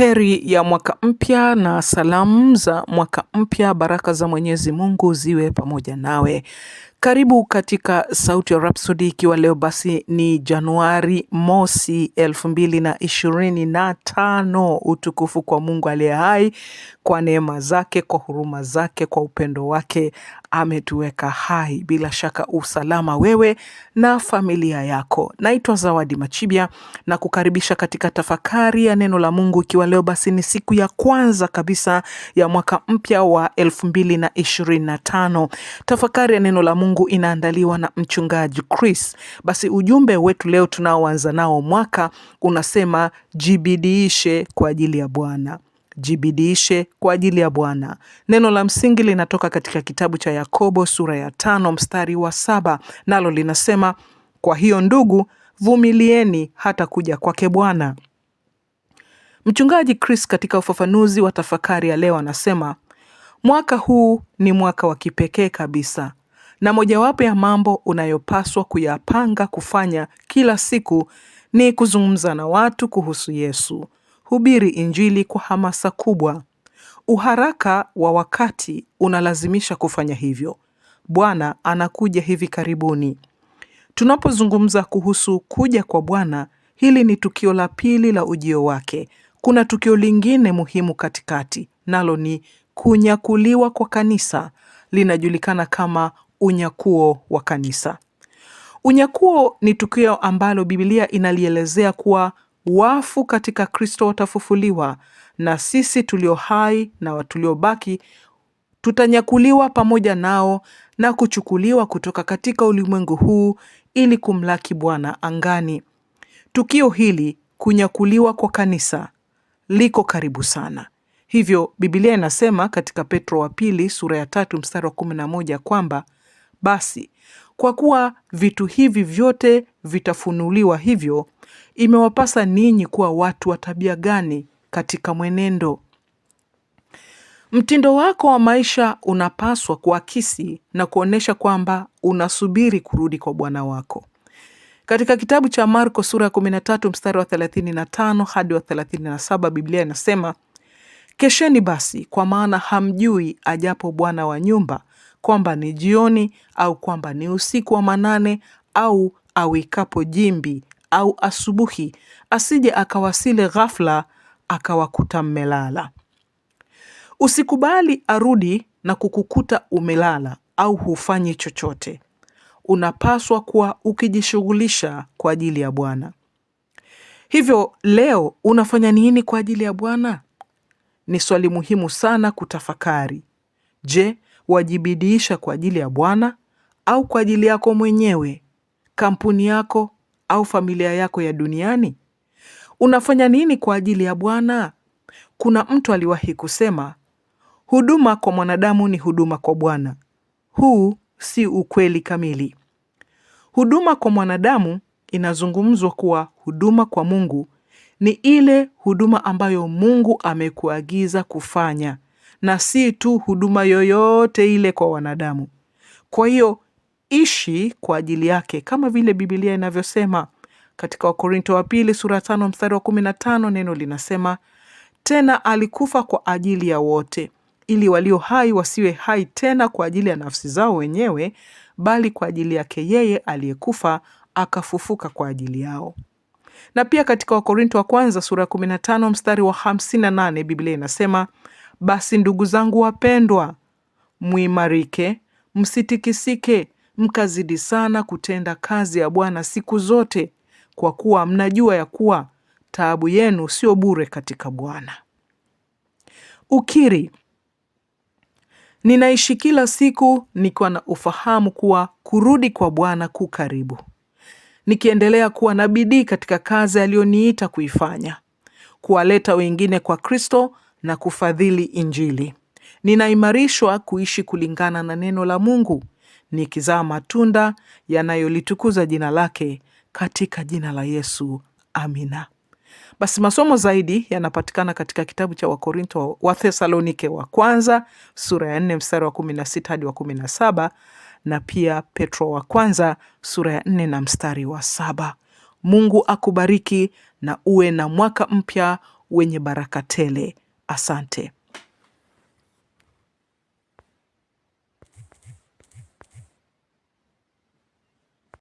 Heri ya mwaka mpya na salamu za mwaka mpya. Baraka za Mwenyezi Mungu ziwe pamoja nawe. Karibu katika Sauti ya Rhapsody, ikiwa leo basi ni Januari mosi elfu mbili na ishirini na tano. Utukufu kwa Mungu aliye hai, kwa neema zake, kwa huruma zake, kwa upendo wake ametuweka hai, bila shaka usalama wewe na familia yako. Naitwa Zawadi Machibia na kukaribisha katika tafakari ya neno la Mungu, ikiwa leo basi ni siku ya kwanza kabisa ya mwaka mpya wa elfu mbili na ishirini na tano. Tafakari ya neno la Mungu Mungu inaandaliwa na mchungaji Chris. Basi ujumbe wetu leo tunaoanza nao mwaka unasema jibidiishe kwa ajili ya Bwana. Jibidiishe kwa ajili ya Bwana. Neno la msingi linatoka katika kitabu cha Yakobo sura ya tano mstari wa saba nalo linasema, kwa hiyo ndugu, vumilieni hata kuja kwake Bwana. Mchungaji Chris katika ufafanuzi wa tafakari ya leo anasema mwaka huu ni mwaka wa kipekee kabisa na mojawapo ya mambo unayopaswa kuyapanga kufanya kila siku ni kuzungumza na watu kuhusu Yesu. Hubiri Injili kwa hamasa kubwa. Uharaka wa wakati unalazimisha kufanya hivyo. Bwana anakuja hivi karibuni. Tunapozungumza kuhusu kuja kwa Bwana, hili ni tukio la pili la ujio wake. Kuna tukio lingine muhimu katikati, nalo ni kunyakuliwa kwa kanisa. Linajulikana kama unyakuo wa kanisa. Unyakuo ni tukio ambalo Biblia inalielezea kuwa wafu katika Kristo watafufuliwa na sisi tulio hai na tuliobaki tutanyakuliwa pamoja nao na kuchukuliwa kutoka katika ulimwengu huu ili kumlaki Bwana angani. Tukio hili, kunyakuliwa kwa kanisa, liko karibu sana. Hivyo Biblia inasema katika Petro wa pili sura ya tatu mstari wa 11 kwamba basi kwa kuwa vitu hivi vyote vitafunuliwa, hivyo imewapasa ninyi kuwa watu wa tabia gani katika mwenendo. Mtindo wako wa maisha unapaswa kuakisi na kuonyesha kwamba unasubiri kurudi kwa Bwana wako. Katika kitabu cha Marko sura ya 13 mstari wa 35 hadi wa 37, Biblia inasema, kesheni basi, kwa maana hamjui ajapo Bwana wa nyumba kwamba ni jioni au kwamba ni usiku wa manane au awikapo jimbi au asubuhi, asije akawasili ghafla akawakuta mmelala. Usikubali arudi na kukukuta umelala au hufanyi chochote. Unapaswa kuwa ukijishughulisha kwa ajili ya Bwana. Hivyo leo unafanya nini kwa ajili ya Bwana? Ni swali muhimu sana kutafakari. Je, wajibidiisha kwa ajili ya Bwana au kwa ajili yako mwenyewe, kampuni yako au familia yako ya duniani? Unafanya nini kwa ajili ya Bwana? Kuna mtu aliwahi kusema, huduma kwa mwanadamu ni huduma kwa Bwana. Huu si ukweli kamili. Huduma kwa mwanadamu inazungumzwa kuwa huduma kwa Mungu ni ile huduma ambayo Mungu amekuagiza kufanya na si tu huduma yoyote ile kwa wanadamu. Kwa hiyo ishi kwa ajili yake kama vile Biblia inavyosema katika Wakorinto wa pili sura tano mstari wa kumi na tano neno linasema tena, alikufa kwa ajili ya wote ili walio hai wasiwe hai tena kwa ajili ya nafsi zao wenyewe, bali kwa ajili yake yeye aliyekufa akafufuka kwa ajili yao na pia katika Wakorinto wa kwanza sura ya 15 mstari wa 58 Biblia inasema, basi ndugu zangu wapendwa, muimarike, msitikisike, mkazidi sana kutenda kazi ya Bwana siku zote, kwa kuwa mnajua ya kuwa taabu yenu sio bure katika Bwana. Ukiri. Ninaishi kila siku nikiwa na ufahamu kuwa kurudi kwa Bwana ku karibu nikiendelea kuwa na bidii katika kazi aliyoniita kuifanya, kuwaleta wengine kwa Kristo na kufadhili Injili. Ninaimarishwa kuishi kulingana na neno la Mungu, nikizaa matunda yanayolitukuza jina lake, katika jina la Yesu, amina. Basi masomo zaidi yanapatikana katika kitabu cha Wakorinto wa Thesalonike wa kwanza sura ya 4 mstari wa 16 hadi wa 17 na pia Petro wa kwanza sura ya nne na mstari wa saba. Mungu akubariki na uwe na mwaka mpya wenye baraka tele. Asante.